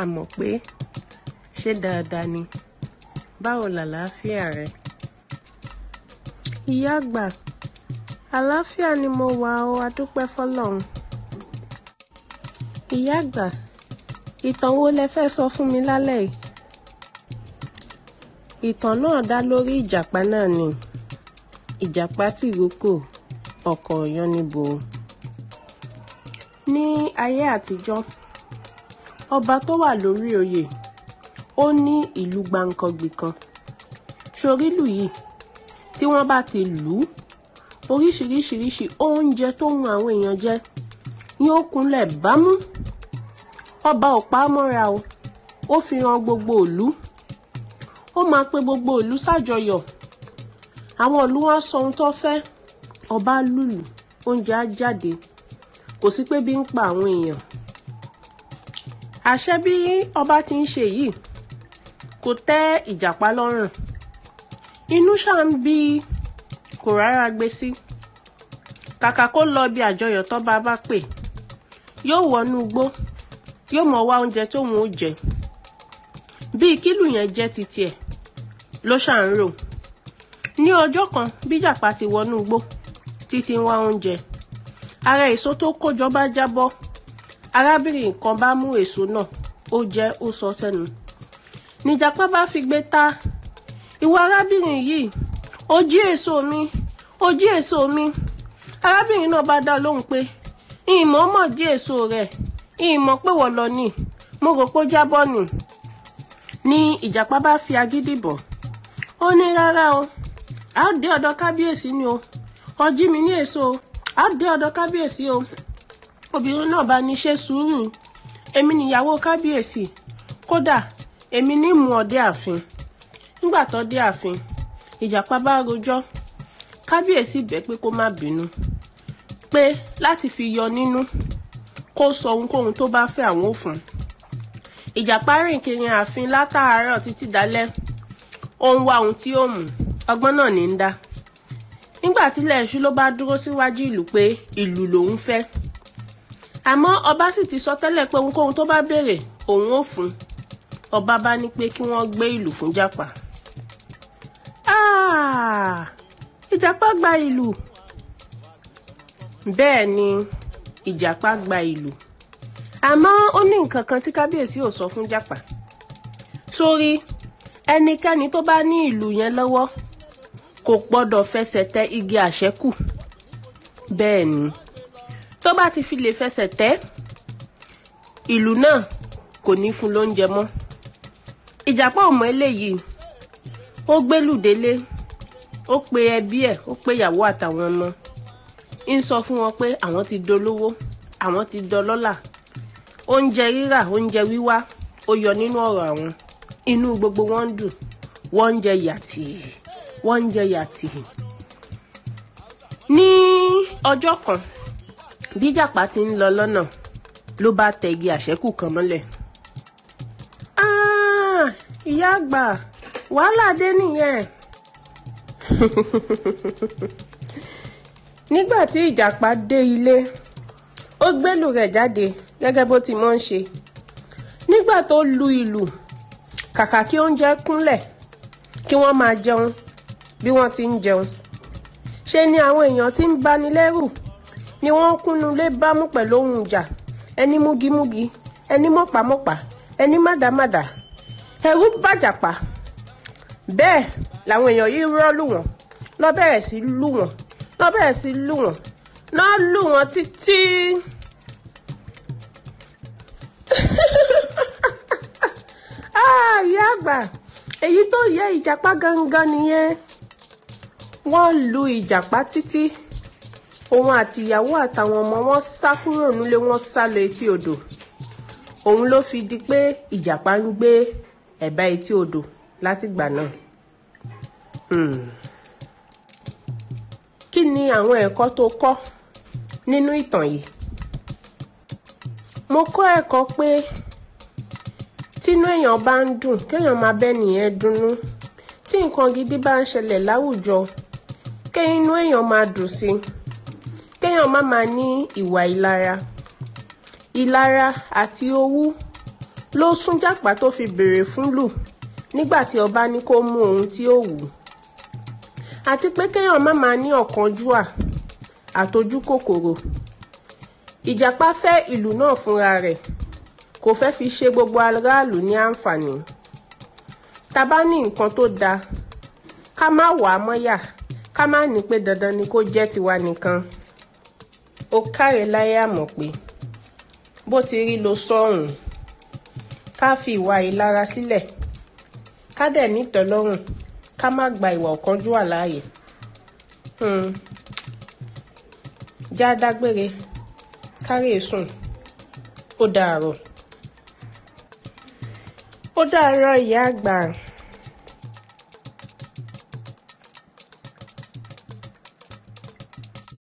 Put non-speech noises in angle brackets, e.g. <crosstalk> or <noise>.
a mọ̀ pé ṣé dáadáa ni báwo làlàáfíà rẹ. ìyá àgbà àlàáfíà ni mo wà ó adúpẹ́ fọlọ́run. ìyá àgbà ìtàn wo lẹ fẹ́ sọ fún mi lálẹ́ yìí. ìtàn náà dá lórí ìjàpá náà ni ìjàpá tìrókò ọkọ̀ ọ̀yọ́ níbo. ní ayé àtijọ́ ọba tó wà lórí oyè ó ní ìlú gbàǹkangbì kan ṣorílù yìí tí wọ́n bá ti lù ú oríṣiríṣiríṣi oúnjẹ tó hun àwọn èèyàn jẹ ni ó kúnlẹ̀ bámú ọba ò pa á mọ́ra o ó fi hàn gbogbo ìlú ó máa pe gbogbo ìlú ṣàjọyọ̀ àwọn ìlú wọn sọ ohun tó fẹ́ ọba lùlù oúnjẹ á jáde kò sí pé bí ń pa àwọn èèyàn àṣẹ bí ọba ti ń ṣe yìí kò tẹ́ ìjàpá lọ́rùn inú ṣáà ń bí kò rárá gbé sí kàkà kó lọ bí àjọyọ̀ tọ́ba bá pè yóò wọnú igbó yóò mọ̀ wá oúnjẹ tóun ó jẹ bíi kílù yẹn jẹ́ ti tiẹ̀ ló ṣáà ń rò ní ọjọ́ kan bíjàpá ti wọnú igbó títí wá oúnjẹ ara èso tó kójọ bá jábọ́ arábìnrin kan bá mú èso náà ó jẹ ó sọ sẹ́nu nìjàpá bá fi gbé ta ìwọ arábìnrin yìí ó jí èso mi ó jí èso mi arábìnrin náà bá dá lóhùn pé ìmọ̀ mọ̀ jí èso rẹ̀ ìmọ̀ pé wọ́n lọ ni mo rò pé ó jábọ́ nì ni ìjàpá bá fi agídí bọ̀ ó ní rárá o a ó dé ọ̀dọ̀ kábíyèsí ni o ọjí mi ní èso o dé ọ̀dọ̀ kábíyèsí o obìnrin náà bá ní ṣe sùúrù èmi nìyàwó kábíyèsí kódà èmi ní mú ọ dé ààfin nígbà tó dé ààfin ìjàpá bá rojọ́ kábíyèsí bẹ̀ pé kó má fi yọ nínú kó sọ ohunkóhun tó bá fẹ́ àwọn òfin ìjàpá rìn kiri ààfin látàárọ̀ títí dalẹ ó wá ohun tí ó mú ọgbọ́n náà ní í dá nígbà tílẹ̀ ló bá dúró síwájú ìlú pé ìlú àmọ́ ọba sì ti sọ tẹ́lẹ̀ pé ohunkóhun tó bá béèrè òun ò fún ọba bá ní pé kí wọ́n gbé ìlú fún jàpá. Ah! ìjàpá gba ìlú bẹ́ẹ̀ ni ìjàpá gba ìlú àmọ́ ó ní nǹkan kan tí kábíyèsí ò sọ fún jàpá sórí ẹnikẹ́ni tó bá ní ìlú yẹn lọ́wọ́ kò gbọ́dọ̀ fẹsẹ̀ tẹ igi àṣẹ kù bẹ́ẹ̀ ni tó bá ti fi lè fẹsẹ̀ tẹ̀ ìlú náà kò ní fún lóúnjẹ mọ́ ìjàpá ò mọ eléyìí ó gbélù délé ó pe ẹbí ẹ̀ ó pe ìyàwó àtàwọn ọmọ ń sọ fún wọn pé àwọn ti dolówó àwọn ti dọlọ́là oúnjẹ rírà oúnjẹ wíwá ó yọ nínú ọ̀rọ̀ àwọn inú gbogbo wọn ń dùn wọ́n ń jẹ yàtì wọ́n ń jẹ yàtì. ní ọjọ́ kan bí jàpá ti ń lọ lọ́nà ló bá tẹ igi àṣẹ́kù kan mọ́lẹ̀. Ah, ìyá àgbà wàhálà dé nìyẹn. <laughs> nígbà tí ìjàpá dé ilé ó gbélù rẹ̀ jáde gẹ́gẹ́ bó ti mọ́ ń ṣe nígbà tó lu ìlù kàkà kí oúnjẹ kúnlẹ̀ kí wọ́n máa jẹun bí wọ́n ti ń jẹun ṣe ni àwọn èèyàn ti ń bani lẹ́rù ni wọ́n kúnnu lé bámú pẹ̀lú ohun ìjà ẹni múgimúgi ẹni mọ̀pámọ̀pá ẹni mádàmádà ẹ̀rù bàjàpá bẹ́ẹ̀ làwọn èèyàn yìí rọ́ lù wọ́n lọ bẹ̀rẹ̀ sí lù wọ́n lọ bẹ̀rẹ̀ sí lù wọ́n lọ lù wọ́n títí. <laughs> Ah, ìyá àgbà èyí tó yẹ ìjàpá gangan nìyẹn wọ́n lu ìjàpá títí òun àti ìyàwó àtàwọn ọmọ wọn sá kúrò nílé wọn sá lọ etí odò òun ló fi di pé ìjàpá ń gbé ẹ̀bá etí odò látìgbà náà. Hmm. kí ni àwọn ẹ̀kọ́ tó kọ́ nínú ìtàn yìí? mo kọ́ ẹ̀kọ́ pé tínú èèyàn bá ń dùn kéèyàn máa bẹ́ nìyẹn dunnú tí nǹkan gidi bá ń ṣẹlẹ̀ láwùjọ kéèyàn inú èèyàn máa dùn sí i kéèyàn má máa ní ìwà ìlara ìlara àti owú ló sún jàpá tó fi béèrè fún lù nígbà tí ọba ní kó mú ohun tí ó wù ú àti pé kéèyàn má máa ní ọ̀kánjúà àtojú kòkòrò ìjàpá fẹ́ ìlú náà fúnra rẹ̀ kò fẹ́ fi ṣe gbogbo aráàlú ní àǹfààní tá bá ní nǹkan tó dáa ká má wàá mọ́yà ká má ní pé dandan ni kó jẹ́ tiwa nìkan ó káre láyé àmọ̀ pé bó ti rí ló sọ́hùn ká fi ìwà ìlara sílẹ̀ ká dẹ̀ nítọ́lọ́rùn ká má gba ìwà ọ̀kánjúwà láàyè hmm. já dágbére kárè sùn ó dàárọ̀ ó dàárọ̀ ìyá àgbà.